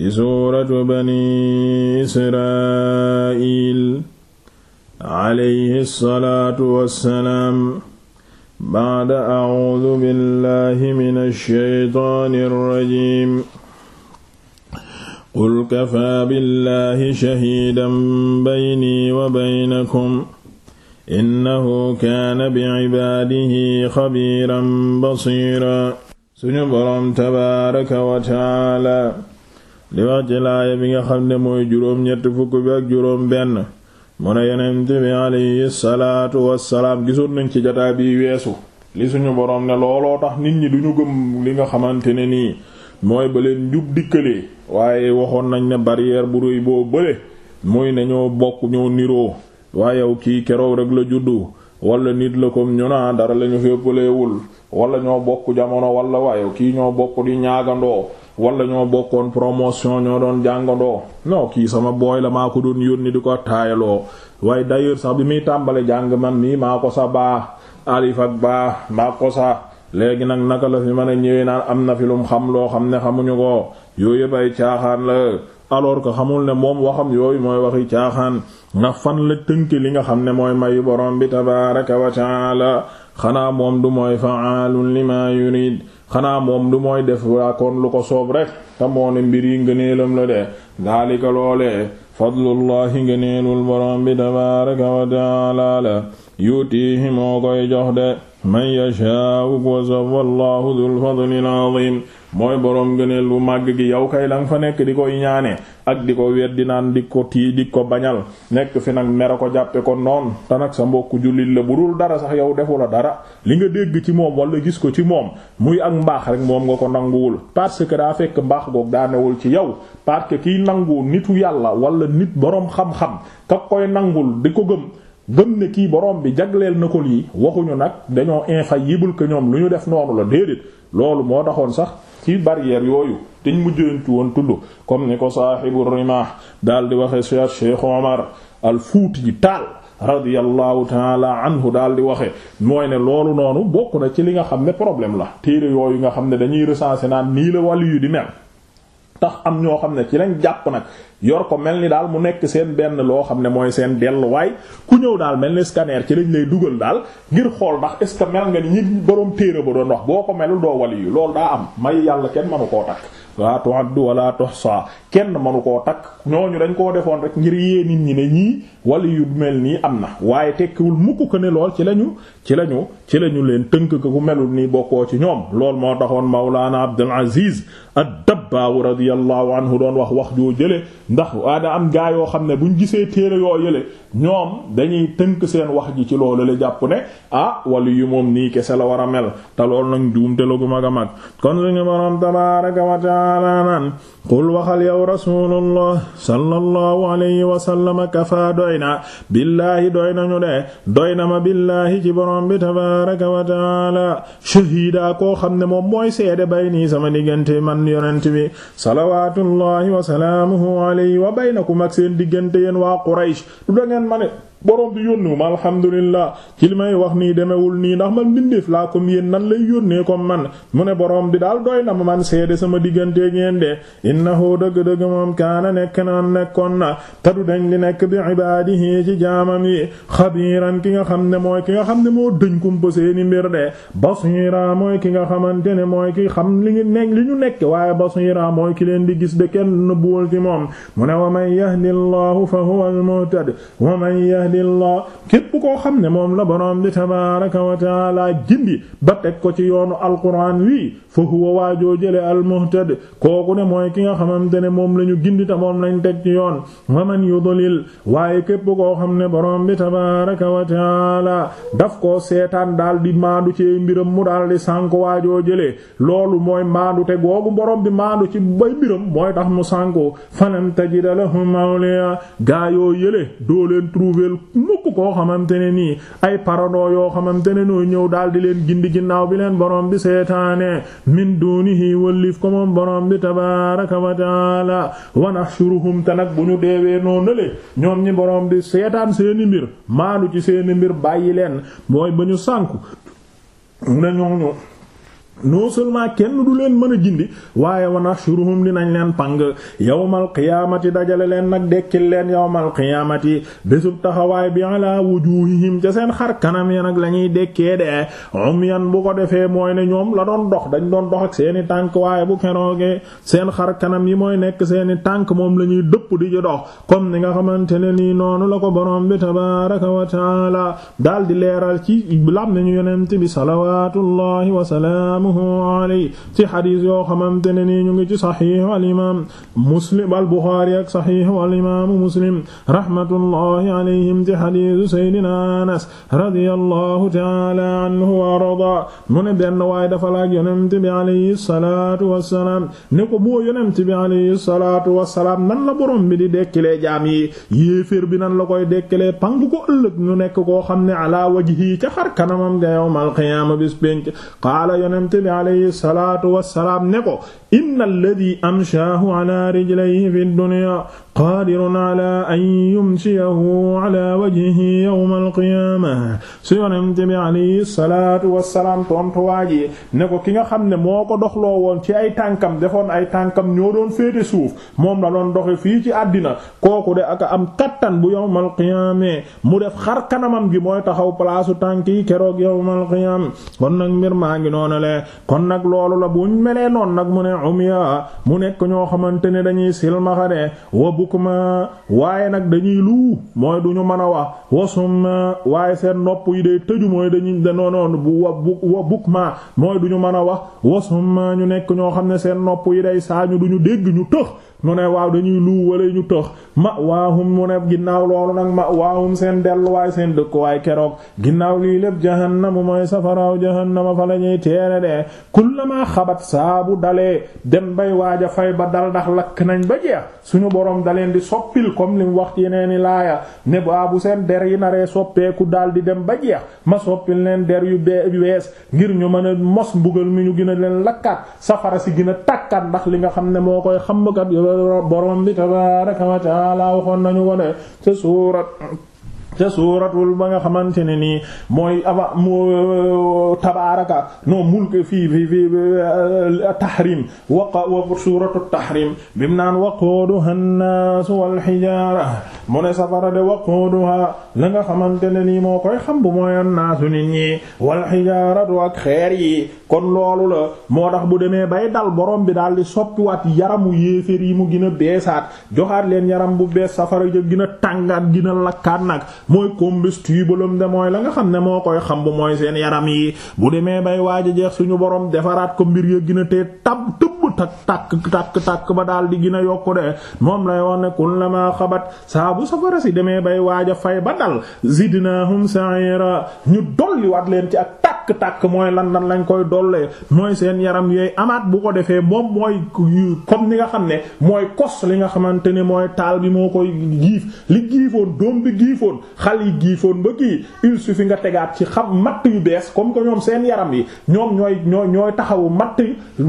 di suuratu bani israil alayhi salaatu wassalaam ba'da a'uudu billahi mina shaytaani rajiim qul kafaa billahi shahiidan baynii wa baynakum innahu kaana bi'ibaadihi xabiiran basiira suñu boroom tabaaraka wa ta'aala li wax ci bi nga xam ne mooy juróom ñett fukk bi ak juróom benn mu ne yeneen bi alayhi salaatu wassalaam gisoon nañ ci jataa bi weesu li suñu boroom ne looloo tax nit ñi duñu gëm li nga xamante ne nii mooy ba leen njub dikkalee waaye waxoon nañ ne barrière bu réy boo bële muy ne ñoo bokk ñoo niroo waaye yow kii keroog rek la juddu wala nit la comme ñu naa dara lañu féppaleewul wala ñoo bokk jamono walla waaye kii ñoo bokk di ñaagandoo wala ñoo bokkoon promotion ñoo doon jàngandoo non kii sama booy la maa ko doon yónni di ko taayaloo waaye d'ailleurs sax bi muy tàmbale jàng man mii maa ko sa baa alif ak baa maa ko sa léegi nag naka la fi mën a ñëwee naan am na fi xam loo xam ne xamuñu ko yooyu yëpp ay caaxaan la alors que xamul ne moom waxam yooyu mooy waxi caaxaan nga fan la tënk li nga xam ne mooy mayu borom bi tabaaraka wa taala xanaa moom du mooy fa'aalun lima yurid xanaa moom du mooy def waakoon lu ko soob rek te moo ne mbir yi ngëneelam la de daalika loolee fadlullahi ngëneelul borom bi tabaaraka wa ta'aala la yuutiihi moo koy jox de man yashaa'u wa wallahu dhul fadlil azim mooy boroom gëneel lu màgg gi yow kay la nga fa nekk di koy ñaane ak di ko di naan di ko tii di ko bañal nekk fi nag mera ko jàppe ko noon te nag sa mbokk jullit la bu dul dara sax yow defu la dara li nga dégg ci moom wala gis ko ci moom muy ak mbaax rek moom nga ko nanguwul parce que daa fekk mbaax goog daa newul ci yow parce que kiy nangu nitu yàlla walla nit boroom xam-xam ka koy nangul di ko gëm gëm ne kii borom bi jagleel na ko lii waxuñu nag dañoo infaillible ko ñoom lu ñu def noonu la déedéet loolu moo taxoon sax ci barrière yooyu te ñu mujjantu woon tudd comme ni ko saaxibu rimah daal di waxe si Cheikh Omar al Fuuti ji taal radiyallahu taala anhu daal di waxe mooy ne loolu noonu bokk na ci li nga xam ne problème la téere yooyu nga xam ne dañuy recenser naan nii la wàllu yu di mel. tax am ñoo xam ne ci lañ jàpp nag yor ko mel ni daal mu nekk seen benn loo xam ne mooy seen delluwaay ku ñëw daal mel ni scanner ci lañ lay dugal daal ngir xool ndax est ce que mel nga ni ñi borom téere ba doo ndox boo ko melul doo wali yu loolu daa am may yàlla kenn mënu koo takk la tu'addu wala tuhsa kenn mënu koo takk ñooñu dañ koo defoon rek ngir yee nit ñi ne ñii wala yu mel nii am na waaye tekkiwul mukk ko ne lool ci lañu ci lañu ci lañu leen tënk ko ku melul nii bokkoo ci ñoom lool moo taxoon Mawlana Abdul Aziz ad-Dabbaaw radiyallahu anhu doon wax wax joo jële ndax ada am gaa yoo xam ne buñ gisee téere yoo yële ñoom dañuy tënk seen wax ji ci loolu la jàpp ne ah wala yu moom nii kese la war a mel te lool nag juumte la gu mag a mag ta'ala naan qul waxal yow rasulullah sallallahu alayhi wa sallam kafa doy na billaahi doy nañu de doy na ma billaahi ci borom bi tabaaraka wa ta'ala shahiida koo xam ne moom mooy seede bay sama diggante man yonent bi salawaatullahi wa salaamuhu alayhi wa baynakum ak seen diggante yéen waa Quraysh du da ma ne borom bi yónni ma alhamdulillah ci li may wax nii demewul nii ndax man mbindeef laa yéen nan lay yónnee comme man mu ne borom bi daal doy na ma man seede sama diggante ngeen de innahu dëgg-dëgg moom kaana nekk na nekkoon na te du dañ di nekk bi ibaadihi ci jaamam yi xabiiran ki nga xam ne mooy ki nga xam ne moo dëñ kumpa seeni mbir de basiira mooy ki nga xamante ne mooy ki xam li ngi nekk ñu nekk waaye basiira mooy ki leen di gis de kenn nëbbuwul ci moom mu ne wa man yahdi allahu billah képp koo xam ne moom la boroom bi tabaraka wa taala jindi ba teg ko ci yoonu alquran wii fa huwa waajoo jële almuhtad kooku ne mooy ki nga xamante ne moom lañu ñu gindi ta moom lañ teg ci yoon wa man waaye képp koo xam ne boroom bi tabaraka wa taala daf koo seetaan daal di maandu ci mbiram mu daal di sànk waajoo jële loolu mooy maandu te googu boroom bi maandu ci bay mbiram mooy tax mu sànko falam tajida lahum awliya gaayoo yële doo leen mukk koo xamante ne nii ay parado yoo xamante ne nooy ñëw daal di leen gindi ginnaaw bi leen boroom bi seetaane min dunihi wallif ko moom borom bi tabaraka wa taala wa nahshuruhum te nag bu ñu deewee noo nale ñoom ñi borom bi seetaan seeni mbir maanu ci seeni mbir bàyyi leen mooy ba ñu sànku ne ñooñu non seulement kenn du leen mën a gindi waaye wa nahshuruhum dinañ leen pang yawmal qiyaamati dajale leen nag dekkil leen yawmal qiyaamati bésub taxawaay bi ala wujuhihim ca seen xar kanam ya nag la ñuy dekkee de umyan bu ko defee mooy ne ñoom la doon dox dañ doon dox ak seeni tànk waaye bu keroogee seen xar kanam yi mooy nekk seeni tànk moom la ñuy dëpp di ci dox comme ni nga xamante ne nii noonu la ko borom bi tabaaraka wa taala daal di leeral ci lam nañu yonent muttafaqun alayhi ci xadis yoo xamante ne nii ñu ngi ci saxiixu al imaam muslim al buxaari ak saxiixu al imaamu muslim rahmatullahi alayhim ci xadisu saydina anas radiyallahu taala anhu wa arda mu ne benn waaye dafa laaj yonent bi alayhi salaatu wassalaam ne ko boo yonent bi alayhi salaatu wassalaam nan la borom bi di dekkilee jaam yi yéeféer bi nan la koy dekkilee pang ko ëllëg ñu nekk koo xam ne ala wajhi ca xar kanamam ga yawmal qiyaama bis penc qaala yonent bi alayhi salaatu wassalaam ne ko inna alladhi amshaahu ala rijlayhi fi dunya qaadirun ala an yumshiyahu ala wajhihi yawma alqiyaama su yonent bi alayhi salaatu wassalaam tontu waaji ne ko ki nga xam ne moo ko doxloo woon ci ay tànkam defoon ay tànkam ñoo doon féete suuf moom la doon doxe fii ci àddina kooku de aka am kattan bu yawmal qiyaame mu def xar kanamam gi mooy taxaw palaasu tànk yi keroog yawmal qiyaam kon nag mbir maa ngi noonu le kon nag loolu la buñ melee noon nag mu ne umya mu nekk ñoo xamante ne dañuy silmaxa de wa ma waaye nag dañuy lu mooy duñu mën a wax wasumma waaye seen nopp yi day tëju mooy dañuy danoo noonu bu wa bu ma mooy duñu mën a wax wasumma ñu nekk ñoo xam ne seen nopp yi day saa duñu dégg ñu tëx mu ne waaw dañuy lu wala ñu tëx ma waahum mu ne ginnaaw loolu nag ma waahum seen delluwaay seen dëkkuwaay keroog ginnaaw lii lépp jahannamu mooy safaraaw jahannama fa la ñuy teere de kullama xabat saabu dalee dem bay waaja fay ba dal ndax lakk nañ ba jeex suñu borom daleen di soppil comme li mu wax yeneen i laaya ne baa bu seen der yi naree soppeeku daal di dem ba jeex ma soppil leen der yu bee yu ngir ñu mën a mos mbugal mi ñu gën a leen lakkaat safara si gën a ndax li nga xam ne moo koy xambakat borom bi tabaaraka wa a waxoon nañu ko ne ca suurat te suuratul ba nga xamante ne nii mooy aba mu tabaaraka non mulk fii fii fii euh, tahrim waqa wa suuratu tahrim bim naan waquuduha nnaasu wal hijaara mu ne safara de waquuduha la nga xamante ne nii moo koy xam bu mooy annaasu nit ñi wal hijaaratu ak xeer yi kon loolu la moo tax bu demee bay dal borom bi daal di soppiwaat yaramu yéefér yi mu gën a beesaat joxaat leen yaram bu bees safara ja gën a tàngaat gën a lakkaat nag mooy combustible am de mooy la nga xam ne moo koy xam bu mooy seen yaram yi bu demee bay waaj a jeex suñu borom defaraat ko mbir ya gën tab tëb lool tak tàkk tàkk ba daal di gën a yokku de moom lay wax ne kullama xabat saa bu safara si demee bay waaj a fay ba dal zidnaahum sa'ira ñu dolliwaat leen ci ak tàkk tàkk mooy lan lan lañ koy dollee mooy seen yaram yooyu amaat bu ko defee moom mooy comme ni nga xam ne mooy kos li nga xamante ne mooy taal bi moo koy giif li giifoon doom bi giifoon xal yi giifoon ba kii il suffit nga tegaat ci xam matt yu bees comme que ñoom seen yaram yi ñoom ñooy ñooy taxawu matt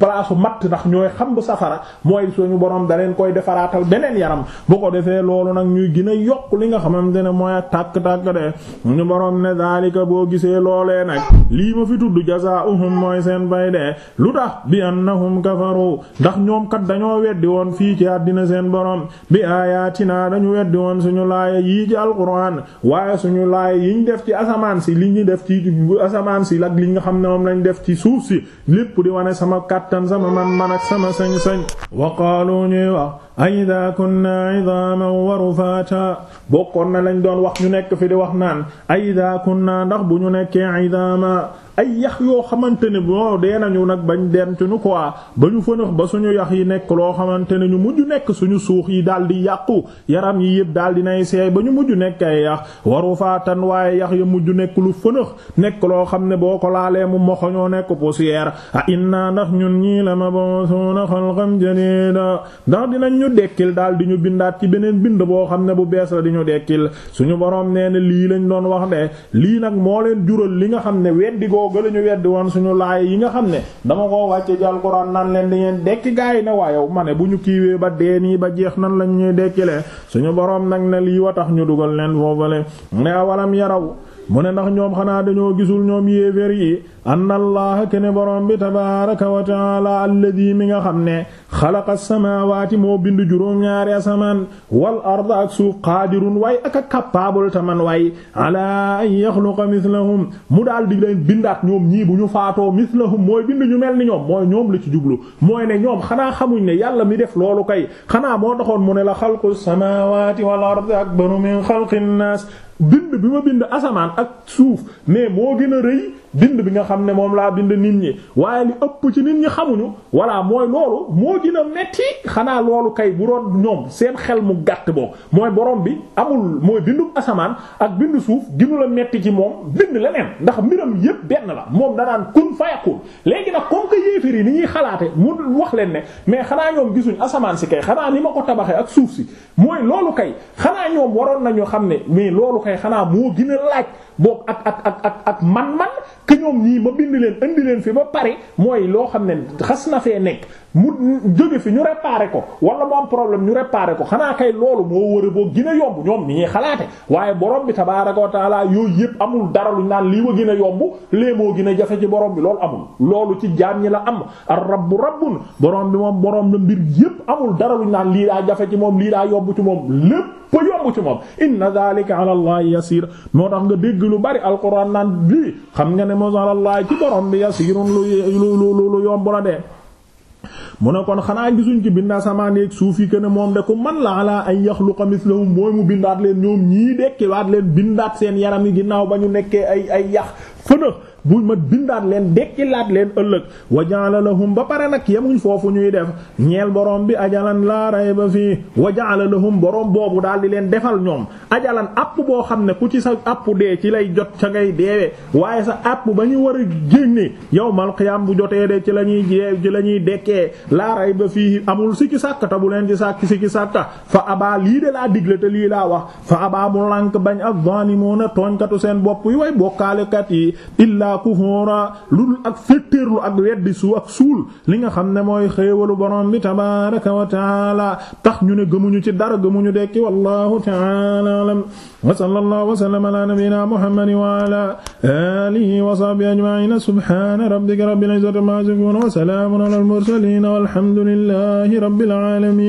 palaasu matt tax ñooy xam bu safara mooy suñu borom da leen koy defaraatal beneen yaram bu ko defee loolu nag ñuy gën a yokk li nga xamante ne mooy tàkk-tàkk de ñu borom ne daalika boo gisee loolee nag lii ma fi tudd jazaa'uhum mooy seen bay de lu tax bi annahum kafaru ndax ñoom kat dañoo weddi woon fii ci àddina seen borom bi ayatina dañu weddi woon suñu laaya yii ci alquran waaye suñu laaya yiñ def ci asamaan si li ñu def ci asamaan si ak li nga xam ne moom lañ def ci suuf si lépp di wane sama kàttan sama ak sama sañ-sañ wa qaalu ñuy wax a ida kunna idaaman wa rufaata bokkoon na lañ doon wax ñu nekk fi di wax naan a ida kunna ndax bu ñu nekkee idaaman ay yax yoo xamante ne bon dee nañu nag bañ dentuñu quoi ba ñu fënax ba suñu yax yi nekk loo xamante ne ñu mujj nekk suñu suux yi daal di yàqu yaram yi yëpp daal di nay seey ba ñu mujj nekk ay yax waru faatan waaye yax ya mujj nekk lu fënax nekk loo xam ne boo ko laalee mu moxoñoo nekk poussière a naa ndax ñun ñii la mab'uthuna xalqan jadida ndax dinañ ñu dekkil daal di ñu bindaat ci beneen bind boo xam ne bu bees la di ñu dekkil suñu borom nee na lii lañ doon wax de lii nag moo leen jural li nga xam googu la ñu weddi woon suñu laay yi nga xam ne dama koo wàcce ci alxuraan naan leen di ngeen dekki gaa yi ne waa yow ma ne bu ñu kiiwee ba dee nii ba jeex nan la ñuy dekkilee suñu boroom nag ne lii wa tax ñu dugal leen foofale ne awalam yaraw mu ne ndax ñoom xanaa dañoo gisul ñoom yéefér yi anna allaha kene borom bi tabaraka wa taala alladi mi nga xam ne xalaqa samaawaati moo bind juróom-ñaari asamaan wa arda ak suuf qaadirun waaye ak a capable ta man waaye ala an yaxluqa mislahum mu daal di bind ak ñoom ñii bu ñu faatoo mislahum mooy bind ñu mel ni ñoom mooy ñoom la ci jublu mooy ne ñoom xanaa xamuñ ne yàlla mi def loolu kay xanaa moo taxoon mu ne la xalqu samaawaati wal arda akbaru min bind bi ma bind asamaan ak suuf mais moo gën a rëy bind bi nga xam ne moom laa bind nit ñi waaye li ëpp ci nit ñi xamuñu voilà mooy loolu moo gën a metti xanaa loolu kay bu doon ñoom seen xel mu gàtt book mooy borom bi amul mooy bindu asamaan ak bind suuf ginu la metti ci moom bind leneen ndax mbiram yépp benn la moom danaan kun fayakun léegi nag comme que yéefar ni ñuy xalaate mu wax leen ne mais xanaa ñoom gisuñ asamaan si kay xanaa ni ma ko tabaxee ak suuf si mooy loolu kay xanaa ñoom waroon nañu xam ne mais loolu kay xanaa moo gën a laaj ak ak ak ak ak man-man que ñoom ñii ma bind leen indi leen fi ba pare mooy loo xam ne xas na fee nekk mu jóge fi ñu réparé ko wala mu am problème ñu réparé ko xanaa kay loolu moo wër boo gën a yomb ñoom ni ñuy xalaate waaye borom bi tabaaraka wa taala yooyu yëpp amul dara lu ñu naan lii wa gën a yomb lee moo gën jafe ci borom bi loolu amul loolu ci jaan ñi la am ar rab rabbun borom bi moom borom la mbir yëpp amul dara lu ñu naan lii daa jafe ci moom lii daa yomb ci moom lépp lépp yomb ci moom inna dhalika ala allahi moo tax nga dégg lu bari alquran naan lii xam nga ne mos ala allahi ci borom bi yasirun lu lu lu yomb la de mu ne kon xanaa gisuñ ci bind asamaan ak suuf yi que ne moom de ku man la ala ay yaxluqa mislahum mooy mu bindaat leen ñoom ñii dekkiwaat leen bindaat seen yaram yi ginnaaw ba ñu nekkee ay ay yax fëna bu ma bindaat leen dekkilaat leen ëllëg wa la lahum ba pare nag yemuñ foofu ñuy def ñeel borom bi ajalan laa ba fii wa la lahum borom boobu daal di leen defal ñoom ajalan app boo xam ne ku ci sa app dee ci lay jot ca ngay deewee waaye sa app ba ñu war a génne yawmal qiyaam bu jotee de ci la ñuy jeew ci la ñuy dekkee laa rayba fii amul sikki sàkk bu leen ci sàkk sikki sàkk fa abaa lii de laa digle te lii laa wax fa abaa mu lànk bañ ak zalimuuna seen bopp yi illaa kufuura lul ak féttéerlu ak weddi su ak suul li nga xam ne mooy xéewalu borom bi tabaaraka wa taala tax ñu ne gëmuñu ci dara gëmuñu dekki wallahu taala alam wa sallallahu wa sallama ala nabiyyina muhammadin wa ala alihi wa sahbihi ajma'in subhana rabbika rabbil izzati amma yasifun wa salamun ala al mursalin walhamdulillahi rabbil alamin